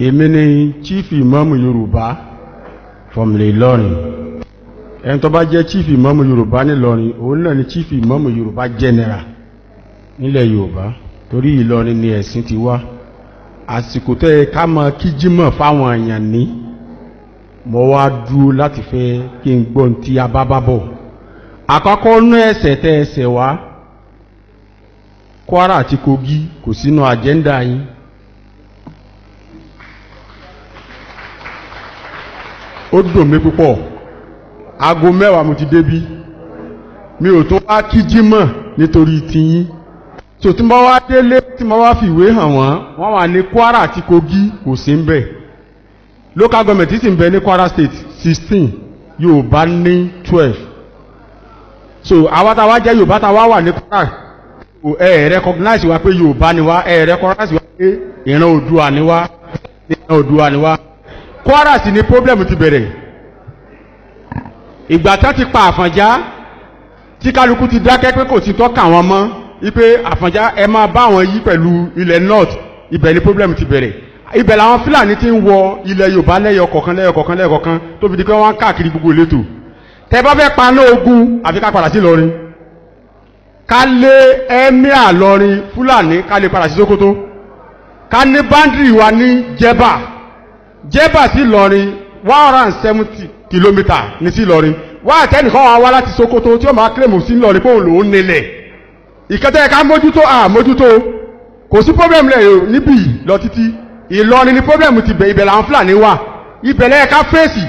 èmi ni chief imam yorùbá from Ìlọrin ẹni tó bá jẹ́ chief imam yorùbá nílọrin òun náà ni chief imam yorùbá general nílẹ̀ yorùbá torí Ìlọrin ni ẹ̀sìn ti wá àsìkò tó yẹ ká máa kí jímọ̀ fáwọn èèyàn ní mo wá dúró láti fẹ́ kí n gbọ́n tí a àkọ́kọ́ nú ẹsẹ̀ tẹ ẹsẹ̀ wá Kwara àti Kogi kò sínú àjẹ́ndà yín ó dùn mí púpọ̀ aago mẹ́wàá mo ti débí mi ò tún wá kí jímọ̀ nítorí tiyín tó tí mo wá délé tí mo wá fìwé hàn wọ́n wọ́n wà ní Kwara àti Kogi kò sí ń bẹ̀ local government ti sì ń bẹ ní Kwara state sixteen Yorùbá ní twelve so àwa tá a wá jẹ́ Yorùbá tá a wá wà ní Kwara ẹ recognize wa pé Yorùbá ni wa ẹ recognize wa pé ìran Oòduà ni wa ìran Oòduà ni wa. Kwara sì ni problem ti bẹ̀rẹ̀ ìgbà tán ti pa Àfọ̀njá tí kálukú ti dákẹ́ pé kò ti tọ́ka wọn mọ́ wípé Àfọ̀njá ẹ máa bá wọn yí pẹ̀lú ilẹ̀ north ibẹ̀ ni problem ti bẹ̀rẹ̀ ibẹ̀ làwọn Fúlàní ti ń wọ ilẹ̀ Yorùbá lẹ́yọ kọ̀ọ̀kan lẹ́yọ kọ̀ọ̀kan lẹ́yọ kọ̀ọ̀kan tó fi di pé wọ́n ń káàkiri gbogbo ìletò tẹ bá fẹ́ paná ogun àfi ká padà sí Ìlọrin ká lé ẹ́míà lọrin Fúlàní ká lè padà sí Sókótó ká ní báńdìrì wa ní Jẹ̀bà jébà sí Ìlọrin one hundred and seventy kilometre ní sí Ìlọrin wá àtẹnìkan wa wá láti Sokoto tí ó máa kílèmù sí Ìlọrin pé òun lòún nílẹ̀ ìkẹtẹ ká mójútó à mójútó kò sí pọ́blẹ́mù rẹ̀ níbí lọ títí Ìlọrin ni pọ́blẹ́mù ti bẹ̀ ibẹ̀ làwọn Fúlàní wà ibẹ̀ lẹ́yìn ká fèsì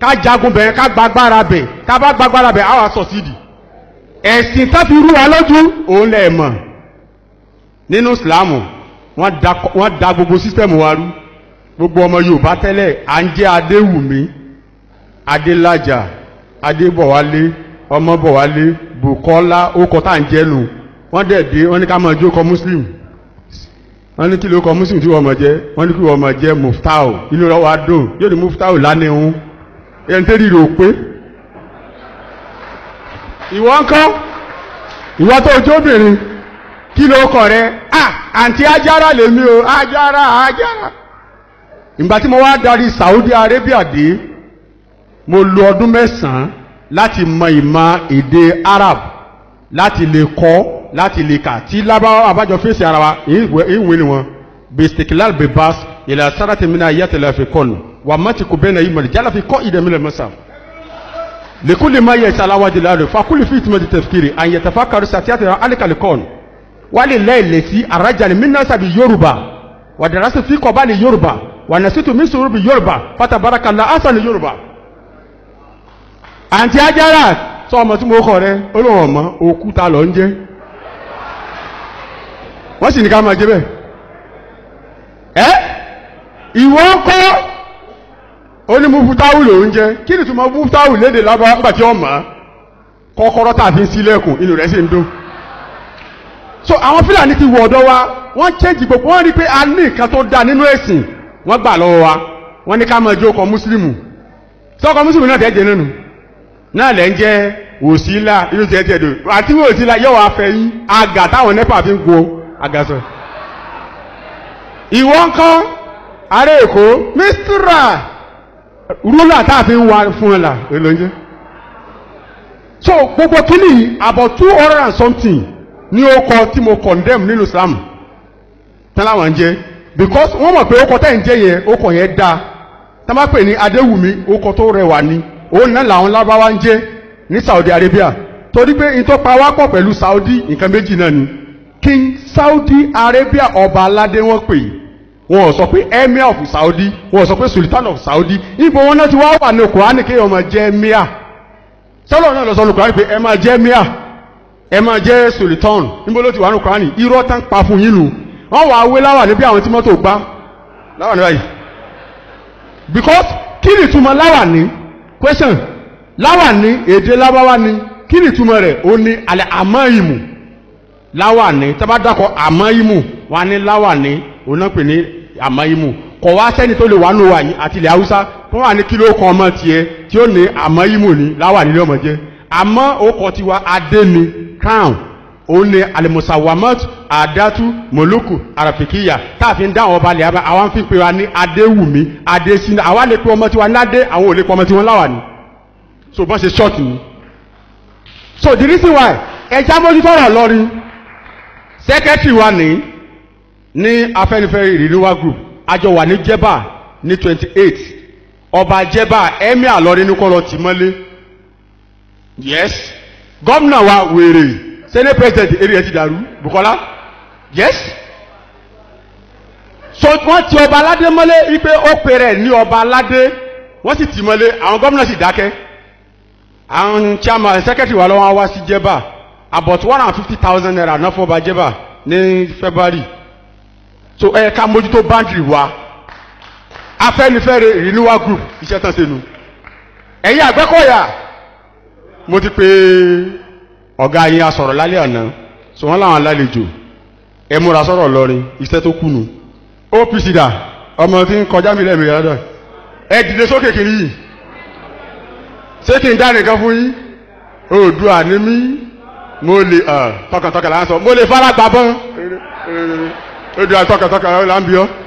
ká jagun bẹ̀ ká gbagbára bẹ̀ ká bá gbagbára bẹ̀ á wà sọ̀sídìí ẹ̀sìn tó fi rú wa lójú òun lẹ̀ mọ̀ nínú ìsìláàmù wọ́n da gbogbo sísítẹ̀mù wa rú gbogbo ọmọ yorùbá tẹ́lẹ̀ à ń jẹ́ adéwùmí adélájà adébọ̀wálé ọmọbọ̀wálé bùkọ́lá ókọ tá à ń jẹ́ nù wọ́n dẹ̀ dé wọ́n ní ká máa jókòó muslim wọ́n ní kí ló kọ muslim tí wọ́n mọ̀ jẹ́ wọ́n ní kí wọ́n mọ̀ jẹ́ muftau inú rẹ̀ wá yóò ní muftau lánìhun ẹni tẹ́lẹ̀ rò pé ìwọ ń kọ́ ìwọ tó jóbìnrin kí ló kọ̀ rẹ ah àǹtí ajára lèmi o ajára ajára ìgbà tí mo wá darí Saudi Arabia dé mo lo ọdún mẹ́sàn-án láti mọ ìmọ̀ èdè Arab láti lè kọ́ láti lè kà tí lábáwá abájọ fèsì ara wa ìwé ni wọn bistikilal bebas ìlà sáràtì mi náà yẹtẹlẹ fi kọnu wà mọ́tì kò bẹ́ẹ̀ náà yìí mọ̀ jálá fi kọ́ ìdẹ̀mí lẹ̀ mọ́sà lèkúlè má yẹ ìsàláwájú láàrú fakúlè fi ìtumọ̀ ti tẹ̀fikiri àyẹ̀tẹ̀fà kàrú sàtìyàtẹ̀ alikali kọ́ọ̀nù wálé lẹ́yìn lẹ́sí àrájà sàbí Yorùbá wàdàrà sí bá ní Yorùbá wànàsítù mí sùúrù bí yorùbá pátábárakàlà ásàlì yorùbá àǹtí ajára sọ ọmọ tí mo kọ rẹ olóhùn ọmọ òkúta lọ ń jẹ wọ́n sì ní ká máa jẹ bẹ́ẹ̀ ẹ́ ìwọ kọ́ onímúfútáwù lòún jẹ kí ni túmọ̀ múfútáwù léde lábá ńgbà tí ọmọ kọ́kọ́rọ́ tàbí ń inú rẹ̀ sì ń dún so àwọn fúlàní ti wọ̀ ọ̀dọ̀ wa wọ́n chẹ́ǹjì gbogbo wọ́n rí i pé a ní nǹkan tó dáa nínú ẹ̀sìn wọ́n gbà lọ́wọ́ wa wọ́n ní ká máa jó ọkọ̀ mùsùlùmù tí ọkọ̀ mùsùlùmù náà tẹ́jẹ̀ nínú náà lẹ́ ń jẹ́ òsílà irú tiẹ̀ tiẹ̀ dò àti wọ́n òsílà yóò wá fẹ́ yín àgà táwọn nẹ́pà fi ń go àgàsọ. ìwọ ń kọ́ ará èkó mísírà rúlà tá a fi ń wa fún ẹ là èlò ń jẹ́. so gbogbo kínní about two hundred and something ní ó kọ tí mo condemn nínú Islam tán láwọn ń jẹ́ because wọ́n mọ̀ pé ó kọ tẹ́ ń jẹ́ yẹn ó kọ yẹn dáa tá bá pè ní adéwùmí ó tó rẹwà ni òun náà làwọn lábáwá ń jẹ́ ní Saudi Arabia torí pé n tó pa wá pọ̀ Saudi nǹkan méjì náà ni King Saudi Arabia ọba aládé wọn pè wọn ò sọ pé emir of Saudi wọn ò sọ pé sultan of Saudi ibo wọn náà ti wá wà ní Kùránì kéèyàn máa jẹ́ emir sọlọ náà lọ sọ ní Kùránì pé ẹ máa jẹ́ emir ẹ máa jẹ́ sultan níbo ló ti wà ní Kùránì irọ́ tán pa fún yín nù wọ́n wà awé láwà ní bí àwọn tí mọ́tò gbá láwà ní báyìí because kí ni ìtumọ̀ láwà ní question láwà ní èdè lábáwá ni kí ni ìtumọ̀ rẹ̀ ó ní alẹ́ àmọ́ ìmù láwà ní tábà dákọ̀ àmọ́ ìmù wà ní láwà ní òun náà pè ní àmọ́ ìmù kọ̀ wá sẹ́ni tó lè wà nù wà yìí àti ilẹ̀ haúsá kó wà ní kíló kan ọmọ tiẹ̀ tí ó ní àmọ́ ìmù ní láwà nílé ọmọ jẹ́ àmọ́ ó kọ tiwa adé ni crown òun ni alimusawamat adatu moluku arafikiya táàfin dá àwọn ọba ilẹ̀ abẹ́ àwọn fi pe wa ní adéwùmí adésínà àwa lè pe ọmọ tiwa ládé àwọn ò lè pe ọmọ tiwọn láwà ni so bọ́n ṣe short ni so the reason why ẹja mójútó ọ̀rọ̀ lọ́rin secretary wa ní ní afẹ́nifẹ́re ìrìnnúwá group àjọ wà ní jẹ́bà ní twenty eight ọba jẹ́bà emir lọ́rin ní kọ́ lọ́ọ́ yes gómìnà wa wèrè senate president eré ẹ ti Bukola yes so wọ́n ti ọba aládé mọ́lé ipe ó pe rẹ̀ ní ọba aládé wọ́n sì tì mọ́lé àwọn gómìnà sì dákẹ́ àwọn chairman secretary wa lọ́wọ́ wá sí jẹ́bà about one hundred fifty thousand naira náà fún ọba jẹ́bà ní February so ẹ ká mójútó boundary wa Afẹ́nifẹ́re renewal group iṣẹ́ tán ṣe nu ẹ̀yin Àgbẹ̀kọ̀yà mo ti pe ọ̀gá yín asọ̀rọ̀ lálẹ́ àná sọ wọ́n láwọn alálejò ẹ múra sọ̀rọ̀ lọ́rin iṣẹ́ tó kùnú OPC dà ọmọ tí ń kọjá mi lẹ́mìí rádà ẹ dìde sókè kiri yìí ṣé kí n dá nìkan fún yín Oòduà ni mo lè tọkàntọkàn là sọ mo lè fara gbà bọ́n Oòduà tọkàntọkàn là ń bí ọ́.